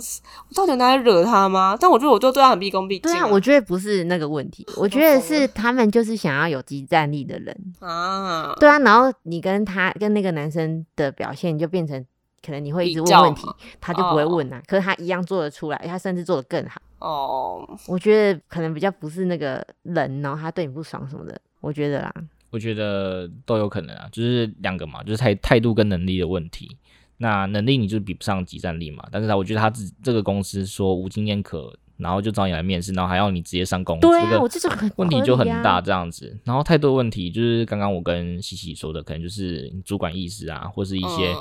我到底哪裡惹他嗎？但我覺得，我就對他很畢恭畢敬。對啊，我覺得不是那個問題， 我覺得是他們就是想要有即戰力的人啊。對啊，然後你跟他跟那個男生的表現就變成。可能你會一直問問題，他就不會問啊、哦。可是他一樣做得出來，他甚至做得更好。哦，我覺得可能比較不是那個人呢、喔，他對你不爽什麼的，我覺得啦。我覺得都有可能啊，就是兩個嘛，就是態態度跟能力的問題。那能力你就比不上即戰力嘛，但是他我覺得他自這個公司說無經驗可。然後就找你來面試，然後還要你直接上工。對啊，我這種、個、很問題就很大這樣子。啊、然後太多問題，就是剛剛我跟西西說的，可能就是主管意識啊，或是一些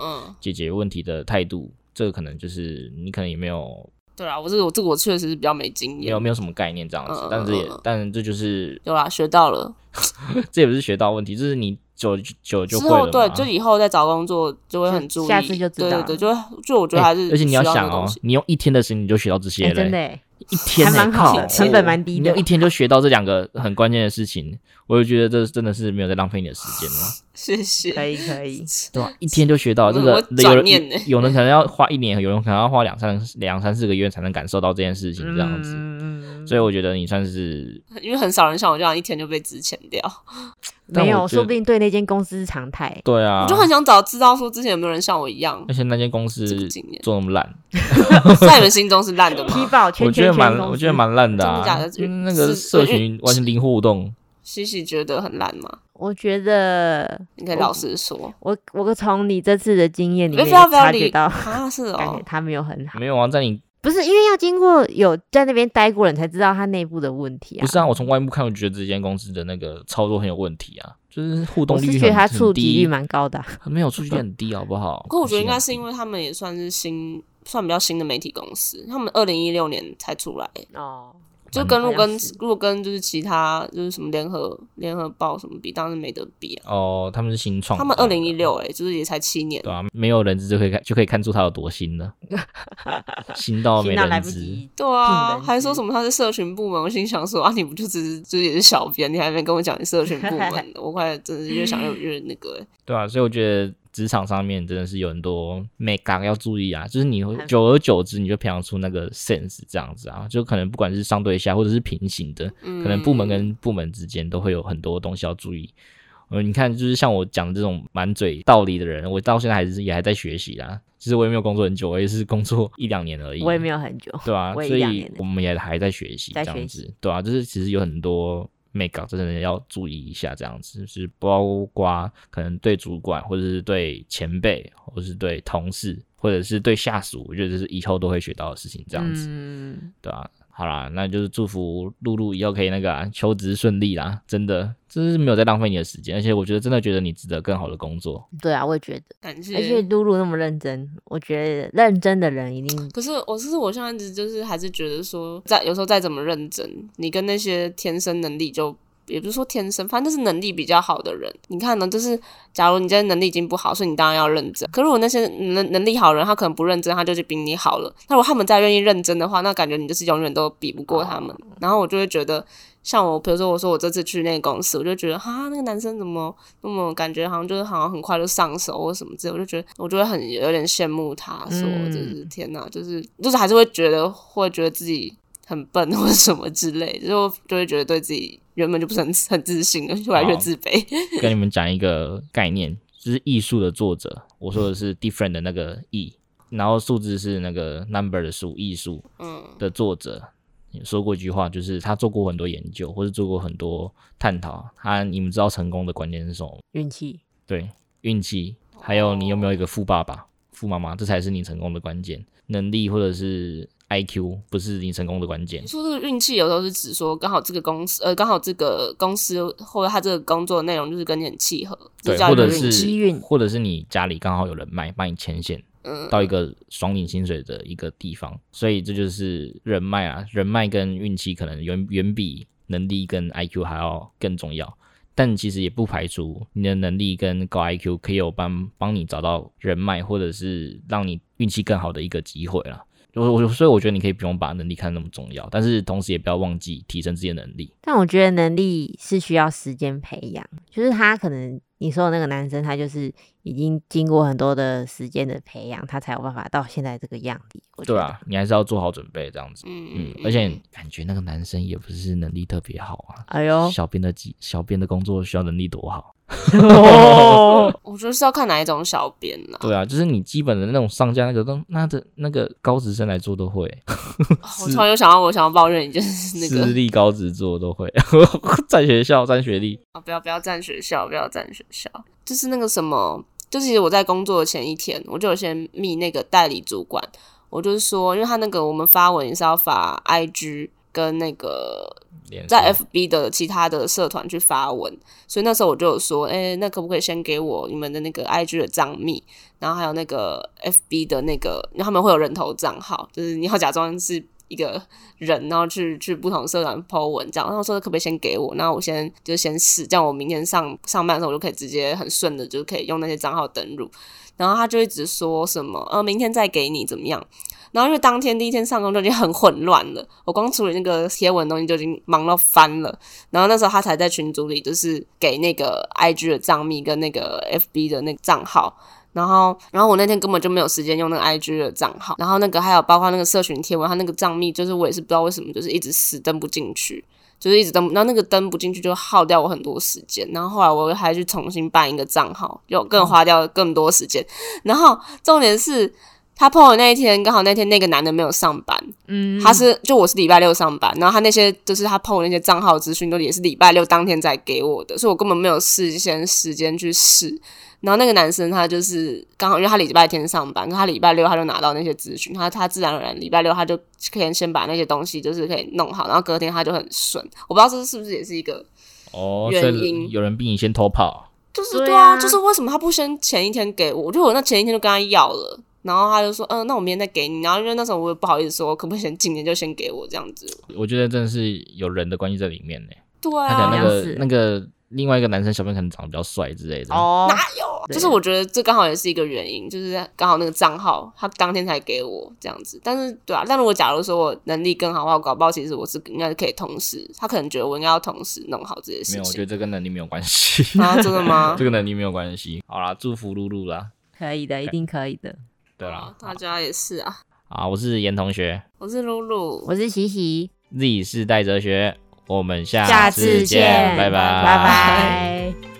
解決問題的態度、嗯，這個可能就是你可能也沒有。對啊，我這我這個我確實是比較沒經驗，沒有沒有什麼概念這樣子。嗯、但是也但是這就是有啦，學到了。 這也不是學到問題，就是你久久就會了嘛。之後對，就以後再找工作就會很注意。下次就知道了對對對，就就我覺得還是、欸、而且你要想哦，你用一天的時間你就學到這些嘞、欸。真的、欸。一天蠻、欸、好，成本蠻低的。低哦、你一天就學到這兩個很關鍵的事情， 我就覺得這真的是沒有在浪費你的時間了。謝謝，可以可以。對吧，一天就學到了麼、欸、這個有，有人有人可能要花一年，有人可能要花兩三兩 三四個月才能感受到這件事情這樣子、嗯。所以我覺得你算是，因為很少人像我這樣一天就被資遣掉。沒有，說不定對那間公司是常態。對啊，我就很想早知道說之前有沒有人像我一樣。而且那間公司做那麼爛，這個、 在你們心中是爛的嗎？批報天天。蠻，我覺得蠻爛的啊，因、嗯、為、嗯嗯、那個社群完全零互動。西西覺得很爛嗎？我覺得應該老實說，我我從你這次的經驗裡面不要不要理察覺到他，啊、是哦，他沒有很好。沒有啊，在你不是因為要經過有在那邊待過，人才知道他內部的問題啊。不是啊，我從外部看，我覺得這間公司的那個操作很有問題啊，就是互動率很低，他觸及率蠻高的、啊，沒有觸及率很低，很低好不好？不過我覺得應該是因為他們也算是新。算比較新的媒體公司，他們二零一六年才出來哦，就跟如果跟如果跟就是其他就是什麼聯合聯合報什麼比，當然沒得比哦，他們是新創，他們二零一六誒，就是也才七年，對啊，沒有人資就可以看就可以看出他有多新呢。 新到沒來不及，對啊，還說什麼他是社群部門，我心想說啊，你不就只是就是也是小編，你還沒跟我講你社群部門， 我快真是越想越越那個， 對啊，所以我覺得。職場上面真的是有很多每 a 要注意啊，就是你久而久之，你就培養出那個 sense 這樣子啊，就可能不管是上對下，或者是平行的、嗯，可能部門跟部門之間都會有很多東西要注意。嗯、呃，你看，就是像我講的這種滿嘴道理的人，我到現在還是也還在學習啦。其、就、實、是、我也沒有工作很久，我也是工作一兩年而已。我也沒有很久，對吧、啊？所以我們也還在學習這樣子，對吧、啊？就是其實有很多。沒搞，真的要注意一下，這樣子，就是包括可能對主管，或者是對前輩，或者是對同事，或者是對下屬，我覺得這是以後都會學到的事情，這樣子，嗯、對吧、啊？好啦，那就是祝福露露以後可以那個、啊、求職順利啦！真的，真是沒有在浪費你的時間，而且我覺得真的覺得你值得更好的工作。對啊，我也覺得，感謝。而且露露那麼認真，我覺得認真的人一定。可是我是我現在一直就是還是覺得說，再，有時候再怎麼認真，你跟那些天生能力就。也不是說天生，反正是能力比較好的人。你看呢？就是假如你現在能力已經不好，所以你當然要認真。可是如果那些能能力好的人，他可能不認真，他就是比你好了。那如果他們再願意認真的話，那感覺你就是永遠都比不過他們。然後我就會覺得，像我，比如說我說我這次去那個公司，我就覺得哈，那個男生怎麼那麼感覺好像就是好像很快就上手或什麼之類，我就覺得我就會很有點羨慕他說，說就是天哪，就是就是還是會覺得會覺得自己很笨或什麼之類，就是、就會覺得對自己。原本就不是很很自信，越來越自卑。跟你們講一個概念，就是異數的作者，我說的是 different 的那個異， 然後數字是那個 number 的數，異數的作者、嗯、說過一句話，就是他做過很多研究，或者做過很多探討。他你們知道成功的關鍵是什麼？運氣，對，運氣。還有你有沒有一個富爸爸、富媽媽？這才是你成功的關鍵。能力，或者是。I Q 不是你成功的關鍵。說這個運氣，有時候是指說剛好這個公司，呃，剛好這個公司或者他這個工作的內容就是跟你很契合，對，或者是機運，或者是你家裡剛好有人脈幫你牽線，嗯，到一個爽領薪水的一個地方，所以這就是人脈啊，人脈跟運氣可能遠遠比能力跟 I Q 還要更重要。但其實也不排除你的能力跟高 I Q 可以有幫幫你找到人脈，或者是讓你運氣更好的一個機會啦。就我所以我覺得你可以不用把能力看得那麼重要，但是同時也不要忘記提升自己的能力。但我覺得能力是需要時間培養，就是他可能你說的那個男生，他就是已經經過很多的時間的培養，他才有辦法到現在這個樣子。對啊，你還是要做好準備這樣子。嗯嗯，而且感覺那個男生也不是能力特別好啊。哎呦，小編的小編的工作需要能力多好？哦、 oh，我覺得是要看哪一種小編呢、啊？對啊，就是你基本的那種商家那個那的那個高職生來做都會。我突然有想到，我想要抱怨一件事，那個資歷高職做都會， 在學校占學歷啊、oh！不要不要占學校，不要占學校，就是那個什麼，就是其實我在工作的前一天，我就有先密那個代理主管，我就是說，因為他那個我們發文也是要發 IG。跟那個在 FB 的其他的社團去發文，所以那時候我就有說，哎、欸，那可不可以先給我你們的那個 IG 的賬密，然後還有那個 FB 的那個，然後他們會有人頭賬號，就是你要假裝是一個人，然後去去不同社團 po 文這樣。然後說可不可以先給我，那我先就先試，這樣我明天上上班的時候我就可以直接很順的就可以用那些賬號登錄。然後他就一直說什麼，呃，明天再給你怎麼樣。然後因為當天第一天上工就已經很混亂了，我光處理那個貼文的東西就已經忙到翻了。然後那時候他才在群組裡，就是給那個 I G 的賬密跟那個 F B 的那個賬號。然後，然後我那天根本就沒有時間用那個 I G 的賬號。然後那個還有包括那個社群貼文，他那個賬密，就是我也是不知道為什麼，就是一直死登不進去，就是一直登。然後那個登不進去就耗掉我很多時間。然後後來我還去重新辦一個賬號，就更花掉了更多時間，嗯。然後重點是。他碰我那一天，剛好那天那個男的沒有上班，嗯，他是就我是禮拜六上班，然後他那些就是他碰我那些賬號資訊都也是禮拜六當天才給我的，所以我根本沒有事先時間去試。然後那個男生他就是剛好因為他禮拜天上班，他禮拜六他就拿到那些資訊，他他自然而然禮拜六他就可以先把那些東西就是可以弄好，然後隔天他就很順。我不知道這是不是也是一個哦原因，哦、所以有人比你先偷跑，就是對啊，對啊，就是為什麼他不先前一天給我？就我那前一天就跟他要了。然後他就說，嗯、呃，那我明天再給你。然後因為那時候我也不好意思說，可不可以先今天就先給我這樣子。我覺得真的是有人的關係在裡面呢。對、啊，他可能那個那個另外一個男生小妹可能長得比較帥之類的。哦，哪有？就是我覺得這剛好也是一個原因，就是剛好那個賬號他當天才給我這樣子。但是，對啊，但如果假如說我能力更好的話，我搞不好其實我是應該是可以同時。他可能覺得我應該要同時弄好這些事情。沒有，我覺得這跟能力沒有關係。 啊，真的嗎？ 這個能力沒有關係。好啦，祝福露露啦。可以的，一定可以的。Okay. 對了，大家也是啊。好，我是嚴同學，我是露露，我是琪琪。Z 世代哲學，我們下次見，下次見，拜拜，拜拜。拜拜。